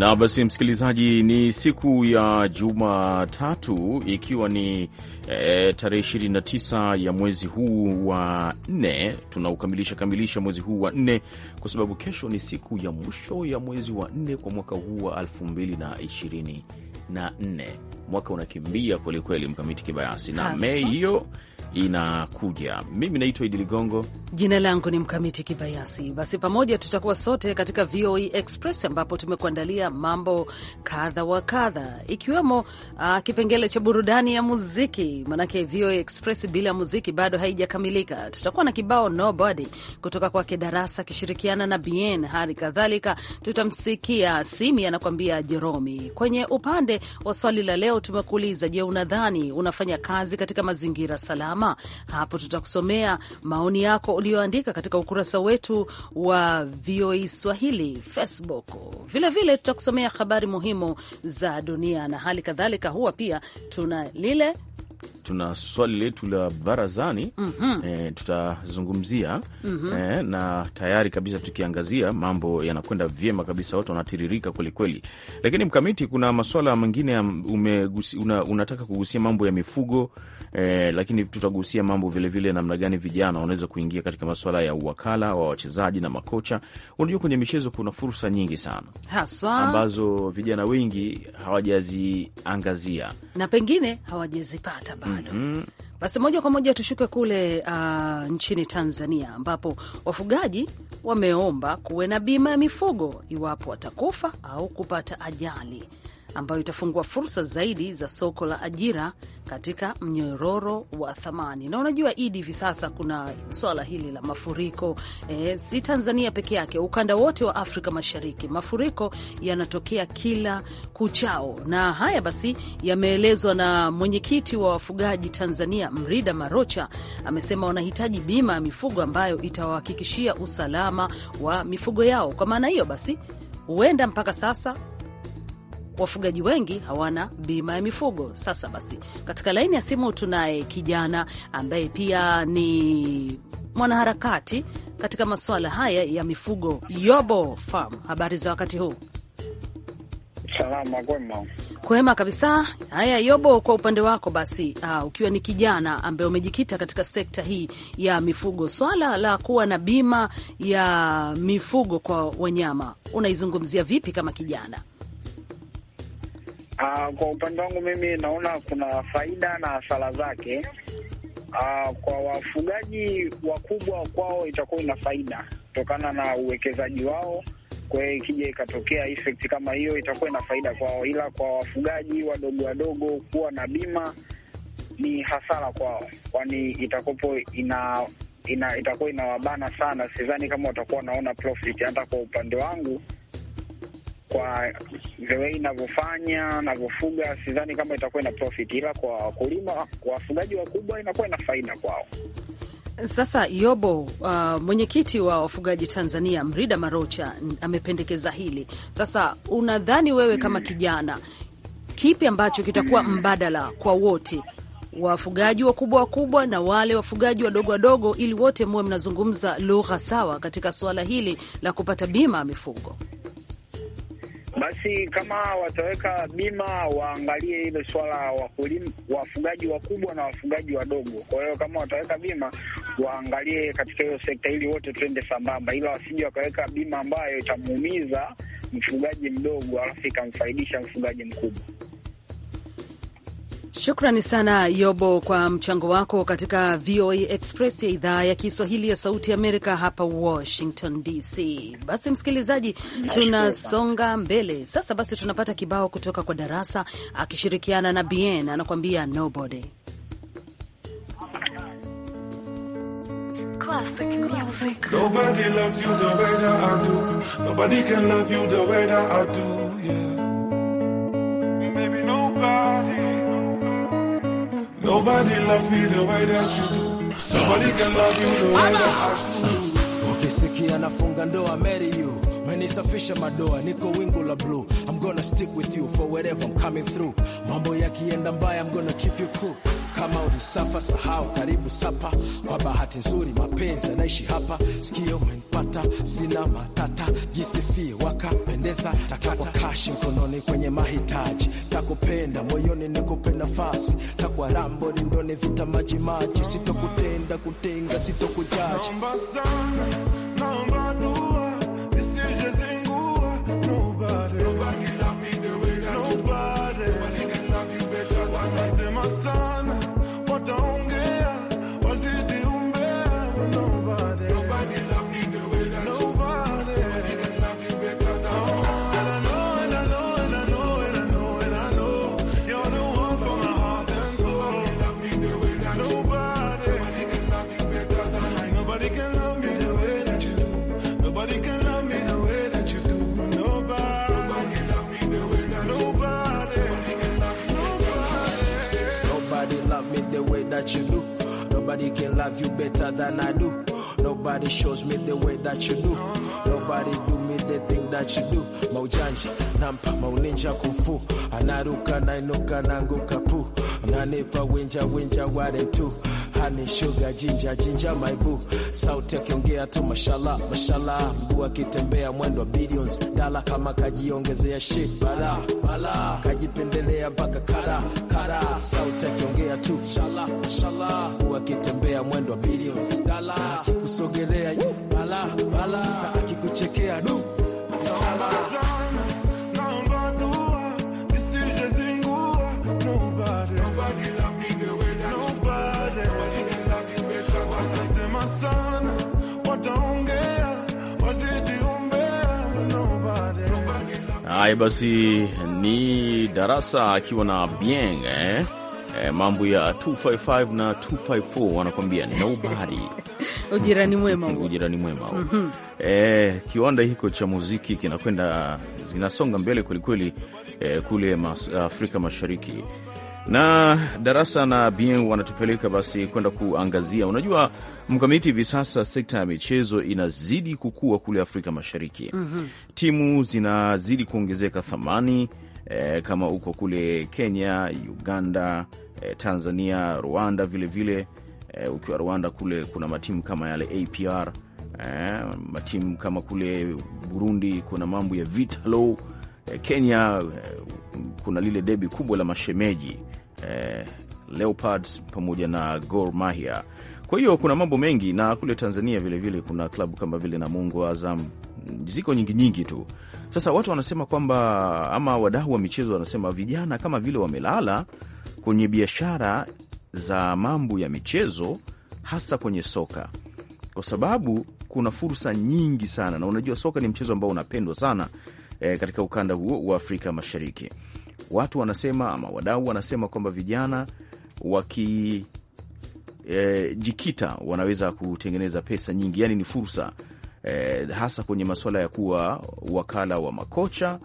na basi, msikilizaji, ni siku ya Jumatatu ikiwa ni e, tarehe 29 ya mwezi huu wa nne. Tunaukamilisha kamilisha mwezi huu wa nne kwa sababu kesho ni siku ya mwisho ya mwezi wa nne kwa mwaka huu wa 2024 mwaka unakimbia kwelikweli, mkamiti kibayasi na Mei hiyo inakuja. Mimi naitwa Idi Ligongo, jina langu ni Mkamiti Kibayasi. Basi pamoja tutakuwa sote katika VOA e Express ambapo tumekuandalia mambo kadha wa kadha, ikiwemo uh, kipengele cha burudani ya muziki, manake VOA e Express bila muziki bado haijakamilika. Tutakuwa na kibao Nobody kutoka kwake Darasa akishirikiana na Bien. Hali kadhalika tutamsikia Simi anakuambia Jeromi. Kwenye upande wa swali la leo tumekuuliza, je, unadhani unafanya kazi katika mazingira salama mama. Hapo tutakusomea maoni yako uliyoandika katika ukurasa wetu wa VOA e Swahili Facebook. Vilevile tutakusomea habari muhimu za dunia na hali kadhalika, huwa pia tuna lile tuna swali letu la barazani mm -hmm. E, tutazungumzia mm -hmm. E, na tayari kabisa tukiangazia mambo yanakwenda vyema kabisa, watu wanatiririka kwelikweli, lakini Mkamiti, kuna maswala mengine una, unataka kugusia mambo ya mifugo e, lakini tutagusia mambo vilevile, namna gani vijana wanaweza kuingia katika maswala ya uwakala wa wachezaji na makocha. Unajua kwenye michezo kuna fursa nyingi sana haswa ambazo vijana wengi hawajaziangazia na pengine hawajazipata hata bado. mm -hmm. Basi moja kwa moja tushuke kule uh, nchini Tanzania ambapo wafugaji wameomba kuwe na bima ya mifugo iwapo watakufa au kupata ajali ambayo itafungua fursa zaidi za soko la ajira katika mnyororo wa thamani. Na unajua Idi, hivi sasa kuna swala hili la mafuriko e, si Tanzania peke yake, ukanda wote wa Afrika Mashariki mafuriko yanatokea kila kuchao, na haya basi yameelezwa na mwenyekiti wa wafugaji Tanzania Mrida Marocha, amesema wanahitaji bima ya mifugo ambayo itawahakikishia usalama wa mifugo yao. Kwa maana hiyo basi huenda mpaka sasa wafugaji wengi hawana bima ya mifugo. Sasa basi, katika laini ya simu tunaye kijana ambaye pia ni mwanaharakati katika masuala haya ya mifugo, Yobo Farm. Habari za wakati huu? Salama, kwema. Kwema kabisa. Haya Yobo, kwa upande wako basi, uh, ukiwa ni kijana ambaye umejikita katika sekta hii ya mifugo, swala la kuwa na bima ya mifugo kwa wanyama unaizungumzia vipi kama kijana? Uh, kwa upande wangu mimi naona kuna faida na hasara zake. Uh, kwa wafugaji wakubwa kwao itakuwa ina faida kutokana na uwekezaji wao. Kwa hiyo ikija ikatokea effect kama hiyo itakuwa ina faida kwao, ila kwa wafugaji wadogo wadogo kuwa na bima ni hasara kwao, kwani itakopo ina ina itakuwa inawabana sana. Sidhani kama watakuwa wanaona profit. Hata kwa upande wangu kwa the way inavyofanya navyofuga, sidhani kama itakuwa ina profit, ila kwa wakulima, kwa wafugaji wakubwa inakuwa ina faida kwao. Sasa Yobo, uh, mwenyekiti wa wafugaji Tanzania Mrida Marocha amependekeza hili. Sasa unadhani wewe kama mm. kijana, kipi ambacho kitakuwa mm. mbadala kwa wote wafugaji wakubwa wakubwa na wale wafugaji wadogo wadogo, ili wote muwe mnazungumza lugha sawa katika suala hili la kupata bima ya mifugo? Basi kama wataweka bima, waangalie ile swala wakulima, wafugaji wakubwa na wafugaji wadogo. Kwa hiyo kama wataweka bima, waangalie katika hiyo sekta, ili wote tuende sambamba, ila wasije wakaweka bima ambayo itamuumiza mfugaji mdogo alafu ikamfaidisha mfugaji mkubwa. Shukrani sana Yobo kwa mchango wako katika VOA Express ya idhaa ya Kiswahili ya Sauti ya Amerika hapa Washington DC. Basi msikilizaji, tunasonga mbele sasa. Basi tunapata kibao kutoka kwa Darasa akishirikiana na bn anakuambia nobody Classic music. yeah. Nobody loves me the way that you do. Nobody can love you the way that I do. Ukisikia nafunga ndoa, marry you menisafisha madoa, niko wingu la blue. I'm gonna stick with you for wherever I'm coming through. Mambo yakienda mbaya, I'm gonna keep you cool. kama ulisafa sahau, karibu sapa. Kwa bahati nzuri mapenzi anaishi hapa, sikio umenipata, sina matata, jisifie wakapendeza, takata kashi mkononi kwenye mahitaji, takupenda moyoni nikupe nafasi, takwa rambo lindoni vita majimaji, sitokutenda kutenga, sitokujaji naomba sana, naomba my son. Nobody can love you better than I do. Nobody shows me the way that you do. Nobody do me the thing that you do. Maujanja, nampa, maulinja kufu. Anaruka, nainuka, nanguka pu. Nanipa, winja, winja, ware tu. honey sugar ginger ginger my boo, sauti akiongea tu mashallah mashallah, mbua kitembea mwendo billions dala, kama kajiongezea shit bala bala, kajipendelea mpaka kara kara, sauti akiongea tu mashallah mashallah mbua kitembea mwendo billions dala, akikusogelea bala bala, sasa akikuchekea du sala Haya basi, ni darasa akiwa na Bieng eh? Eh, mambo ya 255 na 254 wanakwambia nobody. Ujirani mwema, ujirani mwema mm -hmm. Eh, kiwanda hiko cha muziki kinakwenda zinasonga mbele kwelikweli eh, kule mas, Afrika Mashariki na darasa na Bien wanatupeleka basi kwenda kuangazia, unajua Mkamiti, hivi sasa sekta ya michezo inazidi kukua kule Afrika Mashariki. mm -hmm. Timu zinazidi kuongezeka thamani e, kama uko kule Kenya, Uganda, e, Tanzania, Rwanda vilevile vile. Eh, ukiwa Rwanda kule kuna matimu kama yale APR e, matimu kama kule Burundi kuna mambo ya Vitalo e, Kenya e, kuna lile debi kubwa la mashemeji e, Leopards pamoja na Gor Mahia kwa hiyo kuna mambo mengi, na kule Tanzania vilevile vile kuna klabu kama vile Namungo, Azam, ziko nyingi nyingi tu. Sasa watu wanasema kwamba, ama wadau wa michezo wanasema vijana kama vile wamelala kwenye biashara za mambo ya michezo, hasa kwenye soka, kwa sababu kuna fursa nyingi sana, na unajua soka ni mchezo ambao unapendwa sana e, katika ukanda huo wa Afrika Mashariki. Watu wanasema ama wadau wanasema kwamba vijana waki Eh, jikita wanaweza kutengeneza pesa nyingi, yani ni fursa e, hasa kwenye masuala ya kuwa wakala wa makocha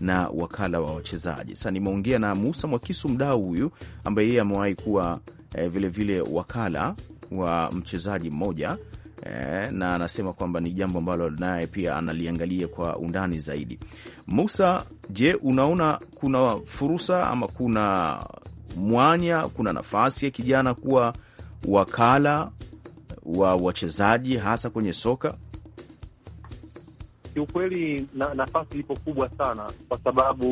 na wakala wa wachezaji. Sasa nimeongea na Musa Mwakisu, mdau huyu ambaye yeye amewahi kuwa vilevile eh, vile wakala wa mchezaji mmoja e, na anasema kwamba ni jambo ambalo naye pia analiangalia kwa undani zaidi. Musa, je, unaona kuna fursa ama kuna mwanya, kuna nafasi ya kijana kuwa wakala wa wachezaji hasa kwenye soka Kiukweli na, nafasi ipo kubwa sana, kwa sababu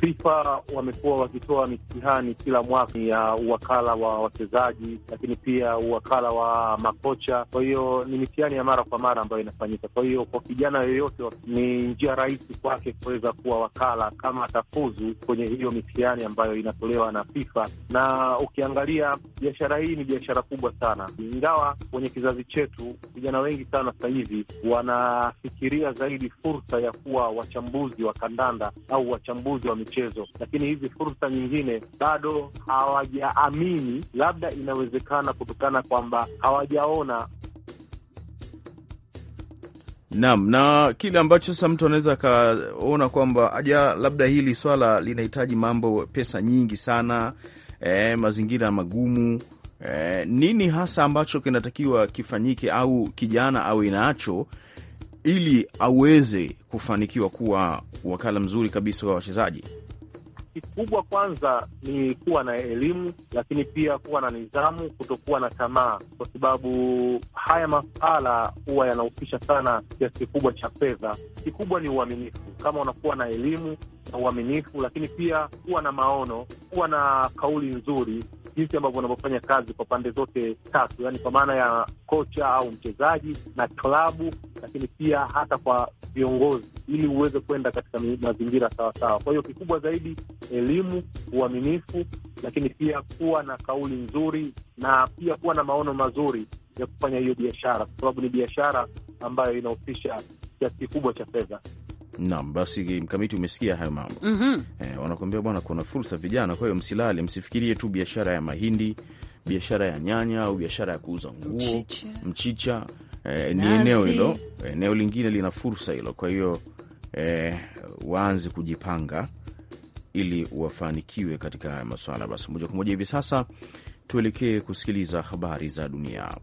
FIFA wamekuwa wakitoa mitihani kila mwaka ya uwakala wa wachezaji, lakini pia uwakala wa makocha. Kwa hiyo ni mitihani ya mara kwa mara ambayo inafanyika. Kwa hiyo kwa kijana yoyote ni njia rahisi kwake kuweza kuwa wakala kama atafuzu kwenye hiyo mitihani ambayo inatolewa na FIFA. Na ukiangalia biashara hii ni biashara kubwa sana, ingawa kwenye kizazi chetu vijana wengi sana sasa hivi wanafikiria zaidi fursa ya kuwa wachambuzi wa kandanda au wachambuzi wa michezo, lakini hizi fursa nyingine bado hawajaamini, labda inawezekana kutokana kwamba hawajaona Naam, na kile ambacho sasa mtu anaweza akaona kwamba aja, labda hili swala linahitaji mambo pesa nyingi sana, e, mazingira magumu e, nini hasa ambacho kinatakiwa kifanyike au kijana awe nacho ili aweze kufanikiwa kuwa wakala mzuri kabisa wa wachezaji? Kikubwa kwanza ni kuwa na elimu, lakini pia kuwa na nidhamu, kutokuwa na tamaa, kwa sababu haya masuala huwa yanahusisha sana kiasi kikubwa cha fedha. Kikubwa ni uaminifu. Kama unakuwa na elimu na uaminifu, lakini pia kuwa na maono, kuwa na kauli nzuri jinsi ambavyo wanavyofanya kazi kwa pande zote tatu, yani kwa maana ya kocha au mchezaji na klabu, lakini pia hata kwa viongozi, ili uweze kwenda katika mazingira sawasawa. Kwa hiyo kikubwa zaidi elimu, uaminifu, lakini pia kuwa na kauli nzuri na pia kuwa na maono mazuri ya kufanya hiyo biashara, kwa sababu ni biashara ambayo inahusisha kiasi kikubwa cha fedha nam basi mkamiti, umesikia hayo mambo mm -hmm. Eh, wanakuambia bwana, kuna fursa vijana. Kwa hiyo msilale, msifikirie tu biashara ya mahindi, biashara ya nyanya au biashara ya kuuza nguo, mchicha, mchicha. Eh, ni eneo hilo, eneo lingine lina fursa hilo. Kwa hiyo eh, waanze kujipanga ili wafanikiwe katika haya maswala. Basi moja kwa moja hivi sasa tuelekee kusikiliza habari za dunia.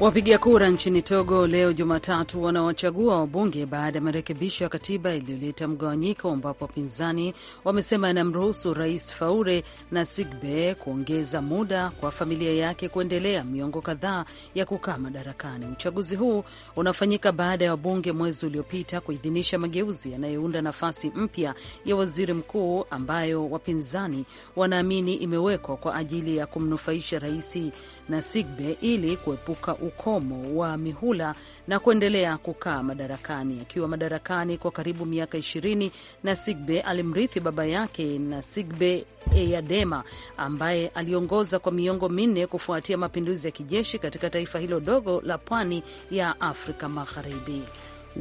Wapiga kura nchini Togo leo Jumatatu wanawachagua wabunge baada ya marekebisho ya katiba iliyoleta mgawanyiko, ambapo wapinzani wamesema yanamruhusu Rais Faure na Sigbe kuongeza muda kwa familia yake kuendelea miongo kadhaa ya kukaa madarakani. Uchaguzi huu unafanyika baada ya wabunge mwezi uliopita kuidhinisha mageuzi yanayounda nafasi mpya ya waziri mkuu ambayo wapinzani wanaamini imewekwa kwa ajili ya kumnufaisha Rais na Sigbe ili kuepuka ukomo wa mihula na kuendelea kukaa madarakani. Akiwa madarakani kwa karibu miaka ishirini, sigbe alimrithi baba yake na sigbe Eyadema ambaye aliongoza kwa miongo minne kufuatia mapinduzi ya kijeshi katika taifa hilo dogo la pwani ya Afrika Magharibi.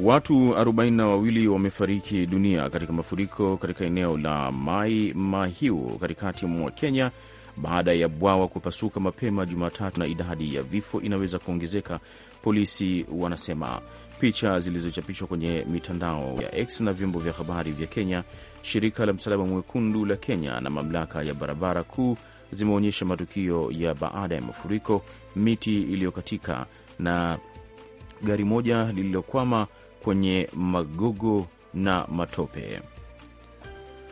Watu 4 wawili wamefariki dunia katika mafuriko katika eneo la Mai Mahiu katikati mwa Kenya baada ya bwawa kupasuka mapema Jumatatu na idadi ya vifo inaweza kuongezeka, polisi wanasema. Picha zilizochapishwa kwenye mitandao ya X na vyombo vya habari vya Kenya, shirika la Msalaba Mwekundu la Kenya na mamlaka ya barabara kuu zimeonyesha matukio ya baada ya mafuriko, miti iliyokatika na gari moja lililokwama kwenye magogo na matope.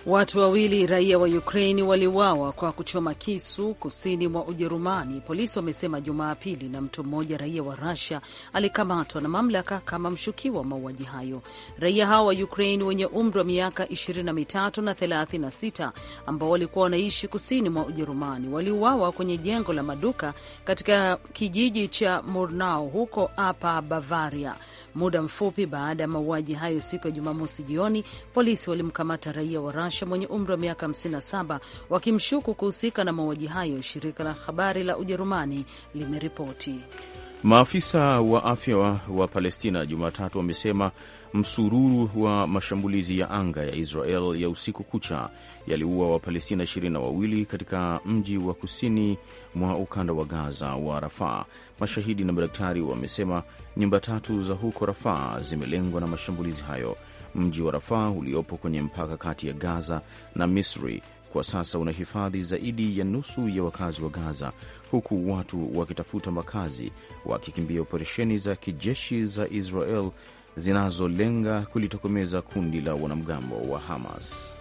Watu wawili raia wa Ukraini waliuawa kwa kuchoma kisu kusini mwa Ujerumani, polisi wamesema Jumapili, na mtu mmoja raia wa rasia alikamatwa na mamlaka kama mshukiwa wa mauaji hayo. Raia hao wa Ukraini wenye umri wa miaka 23 na 36 ambao walikuwa wanaishi kusini mwa Ujerumani waliuawa kwenye jengo la maduka katika kijiji cha Murnau huko Apa Bavaria. Muda mfupi baada ya mauaji hayo siku ya Jumamosi jioni, polisi walimkamata raia wa rasha mwenye umri wa miaka 57 wakimshuku kuhusika na mauaji hayo, shirika la habari la Ujerumani limeripoti. Maafisa wa afya wa, wa Palestina Jumatatu wamesema msururu wa mashambulizi ya anga ya Israel ya usiku kucha yaliua Wapalestina ishirini na wawili katika mji wa kusini mwa ukanda wa Gaza wa Rafaa. Mashahidi na madaktari wamesema nyumba tatu za huko Rafaa zimelengwa na mashambulizi hayo. Mji wa Rafaa uliopo kwenye mpaka kati ya Gaza na Misri kwa sasa unahifadhi zaidi ya nusu ya wakazi wa Gaza, huku watu wakitafuta makazi wakikimbia operesheni za kijeshi za Israel zinazolenga kulitokomeza kundi la wanamgambo wa Hamas.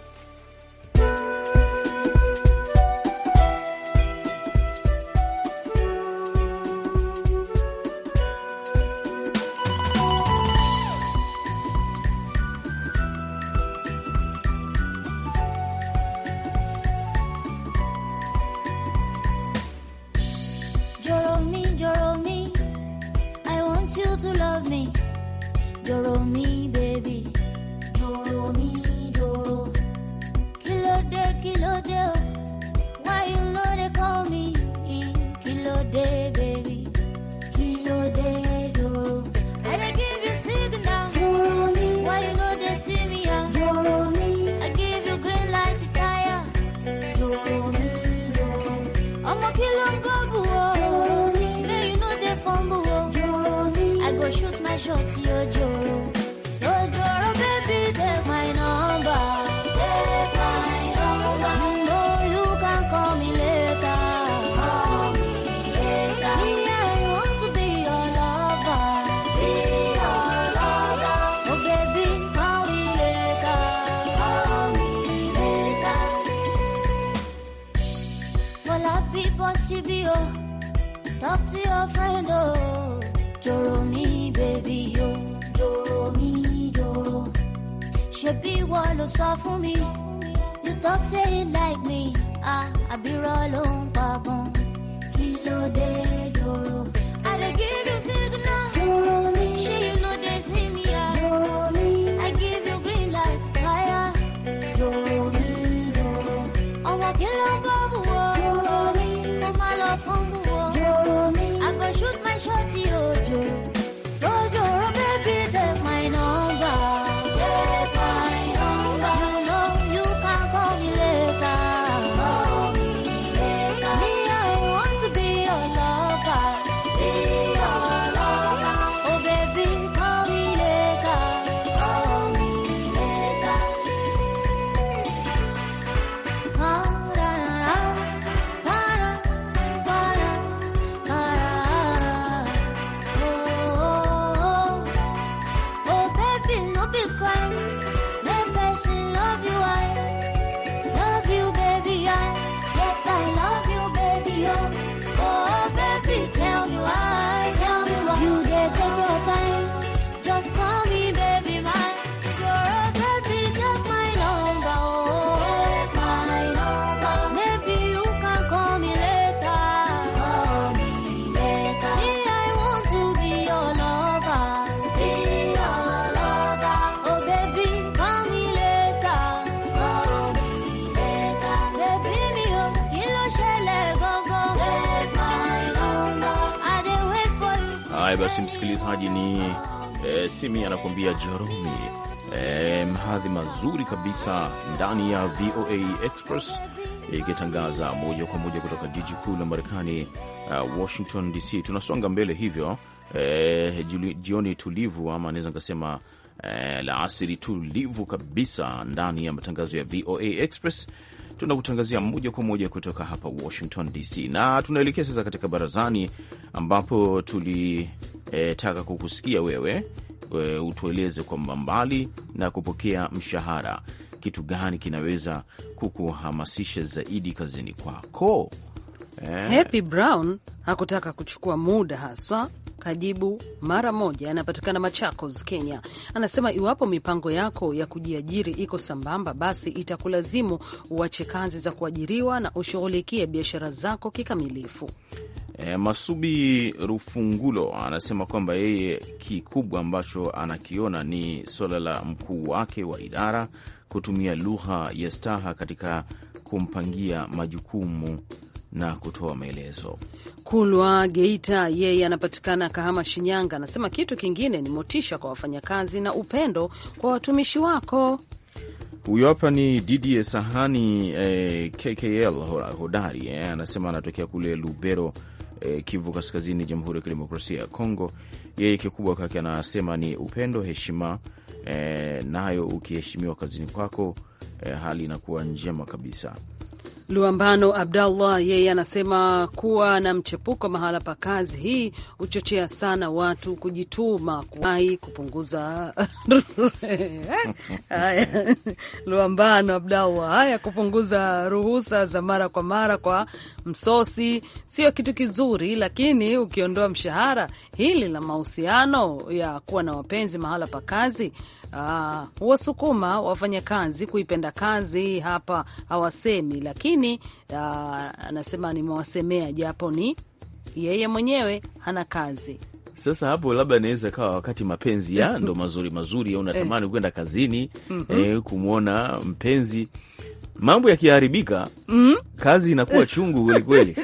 Haya basi, msikilizaji, ni e, Simi anakuambia Jeromi. E, eh, mhadhi mazuri kabisa ndani ya VOA Express ikitangaza e, moja kwa moja kutoka jiji kuu la Marekani, uh, Washington DC. Tunasonga mbele hivyo, e, jioni tulivu ama anaweza nikasema e, la asiri tulivu kabisa ndani ya matangazo ya VOA Express tunakutangazia moja kwa moja kutoka hapa Washington DC, na tunaelekea sasa katika barazani ambapo tulitaka e, kukusikia wewe e, utueleze kwamba mbali na kupokea mshahara, kitu gani kinaweza kukuhamasisha zaidi kazini kwako? eh. Happy Brown hakutaka kuchukua muda haswa kajibu mara moja. Anapatikana Machakos, Kenya. Anasema iwapo mipango yako ya kujiajiri iko sambamba, basi itakulazimu uache kazi za kuajiriwa na ushughulikie biashara zako kikamilifu. E, Masubi Rufungulo anasema kwamba yeye kikubwa ambacho anakiona ni suala la mkuu wake wa idara kutumia lugha ya staha katika kumpangia majukumu na kutoa maelezo. Kulwa Geita yeye anapatikana Kahama, Shinyanga, anasema kitu kingine ni motisha kwa wafanyakazi na upendo kwa watumishi wako. Huyo hapa ni Didie Sahani eh, KKL hodari eh, anasema anatokea kule Lubero eh, Kivu Kaskazini, Jamhuri ya Kidemokrasia ya Kongo. Yeye kikubwa kake anasema ni upendo, heshima eh, nayo ukiheshimiwa kazini kwako eh, hali inakuwa njema kabisa. Luambano Abdallah yeye anasema kuwa na mchepuko mahala pa kazi, hii huchochea sana watu kujituma, kuwahi, kupunguza Luambano Abdallah, haya kupunguza ruhusa za mara kwa mara kwa msosi sio kitu kizuri, lakini ukiondoa mshahara, hili la mahusiano ya kuwa na wapenzi mahala pa kazi Ah, Wasukuma kazi kuipenda kazi hapa hawasemi, lakini ah, anasema ah, nimewasemea japo ni yeye mwenyewe hana kazi. Sasa hapo labda inaweza kawa wakati mapenzi ya ndo mazuri mazuri, unatamani eh. kwenda kazini mm -hmm. eh, kumwona mpenzi mambo yakiharibika, mm kazi inakuwa chungu kwelikweli.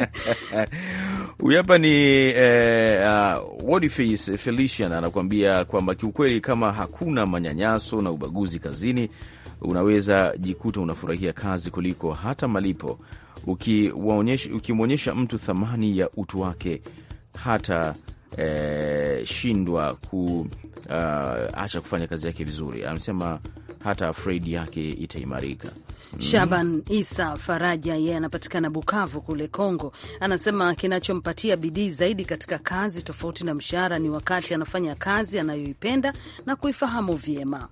Huyu hapa ni eh, uh, Wodiface Felician anakuambia kwamba kiukweli, kama hakuna manyanyaso na ubaguzi kazini, unaweza jikuta unafurahia kazi kuliko hata malipo, ukimwonyesha uki mtu thamani ya utu wake hata eh, shindwa kuacha uh, kufanya kazi yake vizuri, anasema hata Freid yake itaimarika. Mm. Shaban Isa Faraja yeye anapatikana Bukavu kule Kongo, anasema kinachompatia bidii zaidi katika kazi tofauti na mshahara ni wakati anafanya kazi anayoipenda na kuifahamu vyema.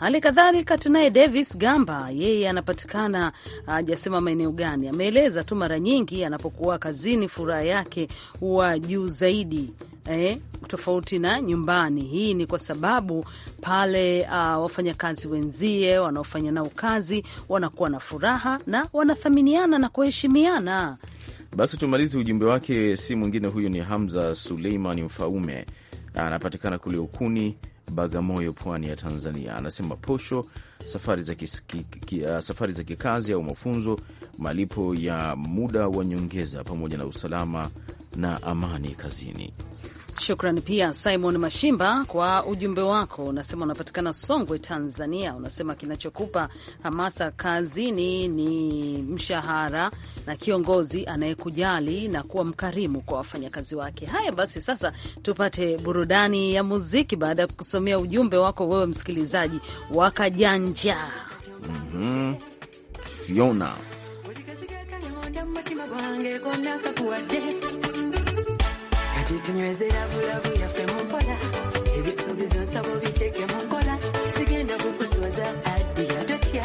Hali kadhalika tunaye Davis Gamba, yeye anapatikana ajasema maeneo gani, ameeleza tu mara nyingi anapokuwa kazini furaha yake huwa juu zaidi eh, tofauti na nyumbani. Hii ni kwa sababu pale uh, wafanyakazi wenzie wanaofanya nao kazi wanakuwa na furaha na wanathaminiana na kuheshimiana. Basi tumalize ujumbe wake, si mwingine huyu ni Hamza Suleiman Mfaume, anapatikana kule Ukuni, Bagamoyo, pwani ya Tanzania. Anasema posho, safari za, kisiki, uh, safari za kikazi au mafunzo, malipo ya muda wa nyongeza, pamoja na usalama na amani kazini. Shukran pia Simon Mashimba kwa ujumbe wako. Unasema unapatikana Songwe, Tanzania. Unasema kinachokupa hamasa kazini ni mshahara na kiongozi anayekujali na kuwa mkarimu kwa wafanyakazi wake. Haya basi, sasa tupate burudani ya muziki baada ya kusomea ujumbe wako wewe msikilizaji wa Kajanja. Mm-hmm. Fiona titunywezera bulabu yaffe mu nkola ebisuubizo nsaba obiteeke mu nkola sigenda kukuswaza addira totya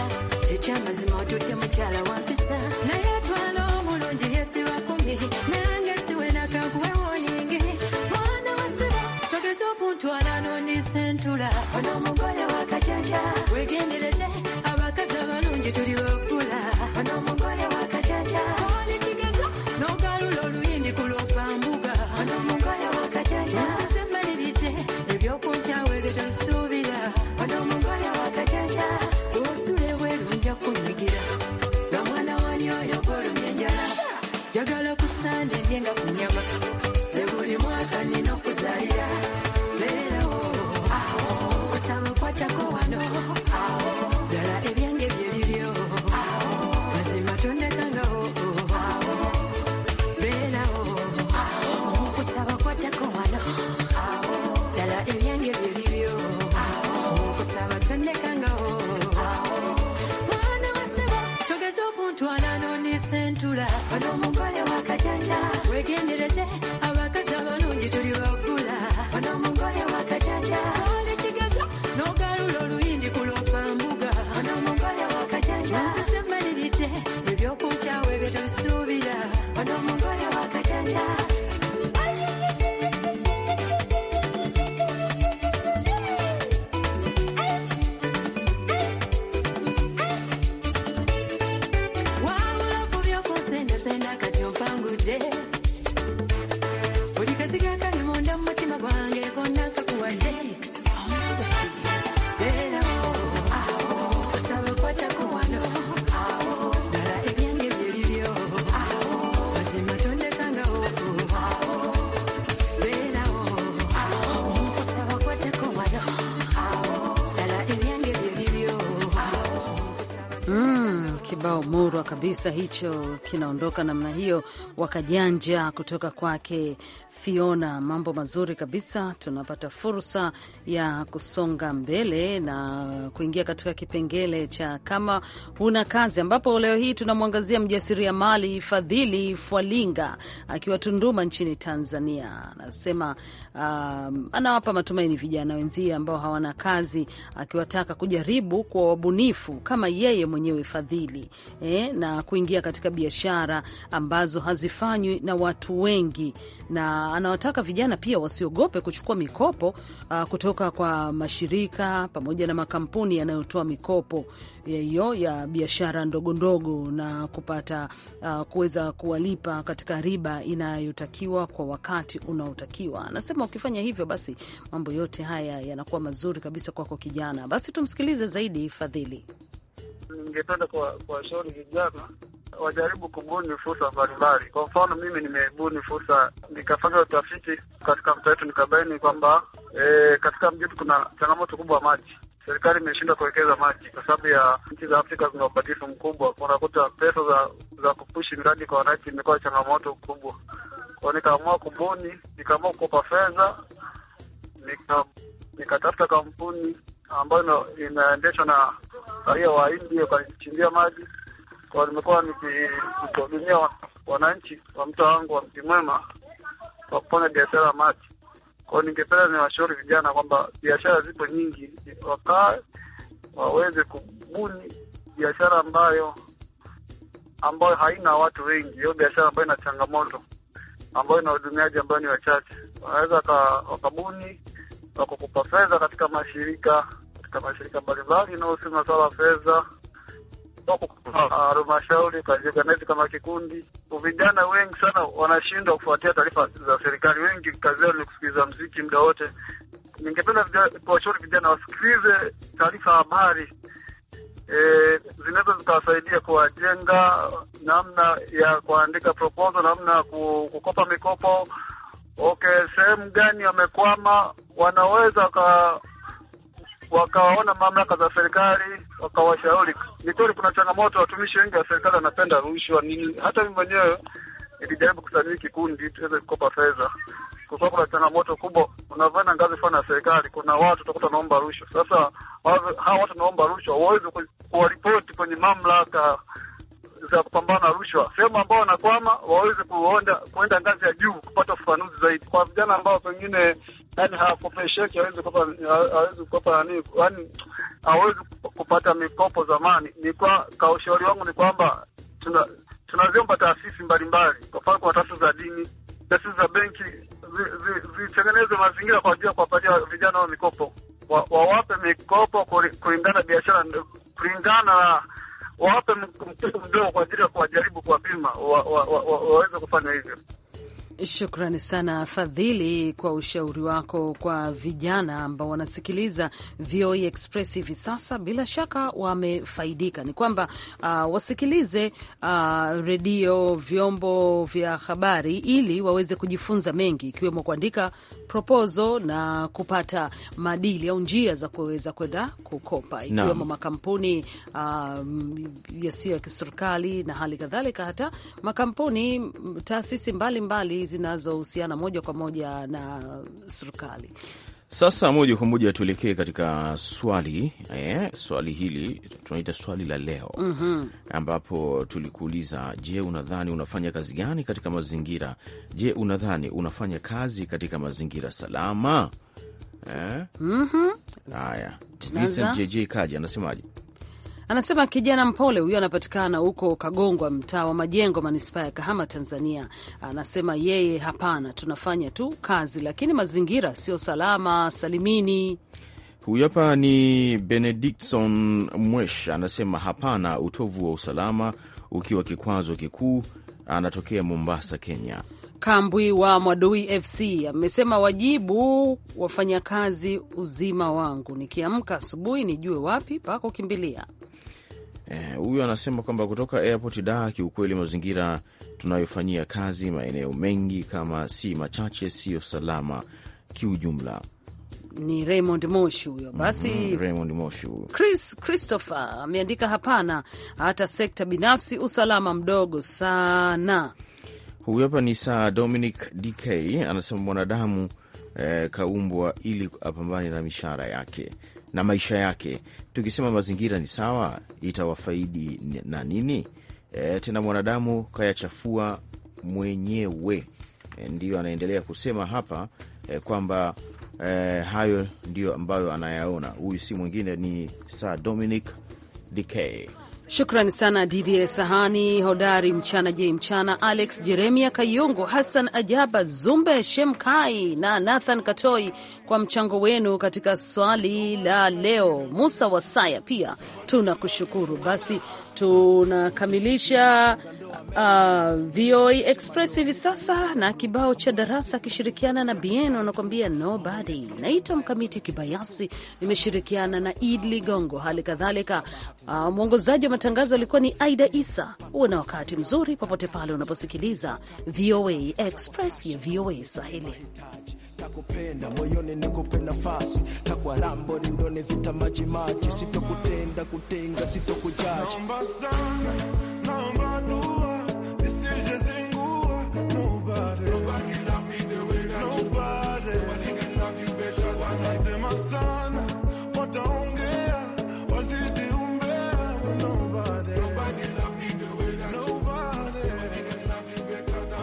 ekyamazima otutte mukyala wampisa naye twala omulungi yesibakumi na Breaking. Kibao murwa kabisa hicho kinaondoka namna hiyo, wakajanja kutoka kwake Fiona. Mambo mazuri kabisa, tunapata fursa ya kusonga mbele na kuingia katika kipengele cha kama huna kazi, ambapo leo hii tunamwangazia mjasiriamali Fadhili Fwalinga akiwa Tunduma nchini Tanzania. Anasema um, anawapa matumaini vijana wenzie ambao hawana kazi, akiwataka kujaribu kwa wabunifu kama yeye mwenyewe Fadhili eh, na kuingia katika biashara ambazo hazifanywi na watu wengi, na anawataka vijana pia wasiogope kuchukua mikopo uh, kutoka kwa mashirika pamoja na makampuni yanayotoa mikopo hiyo ya, biashara biashara ndogondogo na kupata uh, kuweza kuwalipa katika riba inayotakiwa kwa wakati unaotakiwa. Anasema ukifanya hivyo, basi mambo yote haya yanakuwa mazuri kabisa kwako kijana. Basi tumsikilize zaidi Fadhili ningependa kuwashauri vijana wajaribu kubuni fursa mbalimbali. Kwa mfano, mimi nimebuni fursa, nikafanya utafiti katika mtaa wetu, nikabaini kwamba e, katika mji wetu kuna changamoto kubwa ya maji. Serikali imeshindwa kuwekeza maji kwa sababu ya nchi za Afrika zina ubadilifu mkubwa. Unakuta pesa za za kupushi miradi kwa wananchi imekuwa changamoto kubwa kwao. Nikaamua kubuni, nikaamua kukopa fedha, nikatafuta nika kampuni ambayo inaendeshwa na raia wa India kuchimbia maji kwa, nimekuwa nikihudumia wananchi wa mtaa wangu wa Mji Mwema kwa kufanya biashara ya maji. Kwa hiyo ningependa niwashauri vijana kwamba biashara zipo nyingi, wakae waweze kubuni biashara ambayo ambayo haina watu wengi, hiyo biashara ambayo ina changamoto, ambayo ina wahudumiaji ambayo ni wachache, wanaweza wakabuni wakakupa fedha katika mashirika katika mashirika mbalimbali inayosema swala fedha halmashauri kajiorganize kama kikundi. Vijana wengi sana wanashindwa kufuatia taarifa za serikali, wengi kazi yao ni kusikiliza mziki muda wote. Ningependa kuwashauri vijana wasikilize taarifa habari e, zinaweza zikawasaidia kuwajenga namna ya kuandika proposal, namna ya kukopa mikopo. Okay, sehemu gani wamekwama, wanaweza wakaona mamlaka za serikali wakawashauri. Ni kweli kuna changamoto, watumishi wengi wa serikali wanapenda rushwa nini. Hata mimi mwenyewe nilijaribu kusanii kikundi tuweze kukopa fedha, kulikuwa kuna changamoto kubwa. Unavana ngazi fana ya serikali, kuna watu utakuta wanaomba rushwa. Sasa hawa watu wanaomba rushwa wawezi kuwaripoti kwenye mamlaka za kupambana rushwa, sehemu ambao wanakwama waweze kuenda kuenda ngazi ya juu kupata ufafanuzi zaidi, kwa vijana ambao pengine yani hawakopesheki, hawezi kukopa nani, yani hawezi kupata mikopo zamani. Ni kwa ushauri wangu ni kwamba tuna tunaziomba taasisi mbalimbali, kwa mfano kwa taasisi za dini, taasisi za benki zitengeneze zi, zi mazingira kwa ajili ya kuwapatia vijana wao mikopo, wawape wa mikopo kulingana biashara kulingana na wawape mtoto mdogo kwa ajili ya kuwajaribu kuwapima, waweze kufanya hivyo. Shukrani sana Fadhili kwa ushauri wako kwa vijana ambao wanasikiliza VOA e Express hivi sasa. Bila shaka wamefaidika, ni kwamba uh, wasikilize uh, redio, vyombo vya habari ili waweze kujifunza mengi, ikiwemo kuandika proposal na kupata madili au njia za kuweza kwenda kukopa, ikiwemo makampuni uh, yasiyo ya kiserikali na hali kadhalika, hata makampuni, taasisi mbalimbali zinazohusiana moja kwa moja na serikali. Sasa moja kwa moja tuelekee katika swali eh, swali hili tunaita swali la leo mm -hmm. ambapo tulikuuliza, je, unadhani unafanya kazi gani katika mazingira? Je, unadhani unafanya kazi katika mazingira salama? eh? mm -hmm. Vincent JJ Kaji anasemaje? Anasema kijana mpole huyo anapatikana huko Kagongwa, mtaa wa Majengo, manispaa ya Kahama, Tanzania. Anasema yeye hapana, tunafanya tu kazi, lakini mazingira sio salama. Salimini. Huyu hapa ni Benediktson Mwesh, anasema hapana, utovu wa usalama ukiwa kikwazo kikuu. Anatokea Mombasa, Kenya. Kambwi wa Mwadui FC amesema wajibu wafanyakazi, uzima wangu, nikiamka asubuhi nijue wapi pa kukimbilia. Eh, huyu eh, anasema kwamba kutoka airport da, kiukweli mazingira tunayofanyia kazi maeneo mengi kama si machache siyo salama kiujumla. Ni Raymond Moshi huyo. Basi mm -hmm, Raymond Moshi huyo. Chris Christopher ameandika hapana, hata sekta binafsi usalama mdogo sana. Huyu hapa ni sa Dominic DK anasema mwanadamu eh, kaumbwa ili apambane na mishahara yake na maisha yake tukisema mazingira ni sawa, itawafaidi na nini? E, tena mwanadamu kayachafua mwenyewe. E, ndiyo anaendelea kusema hapa e, kwamba e, hayo ndiyo ambayo anayaona. Huyu si mwingine ni Sir Dominic Dikey shukran sana Didie Sahani, Hodari Mchana Jei Mchana, Alex Jeremia Kayungu, Hassan Ajaba, Zumbe Shemkai na Nathan Katoi kwa mchango wenu katika swali la leo. Musa Wasaya pia tunakushukuru. Basi tunakamilisha Uh, VOA Express hivi sasa na kibao cha darasa akishirikiana na Bien wanakuambia nobody. Naitwa Mkamiti Kibayasi, nimeshirikiana na Id Ligongo, hali kadhalika uh, mwongozaji wa matangazo alikuwa ni Aida Isa. Uwe na wakati mzuri popote pale unaposikiliza VOA Express ya VOA Swahili. Takupenda moyoni nikupe nafasi, takwa rambo ndoni vita maji maji, sitokutenda kutenga, sitokujaji naomba sana, naomba dua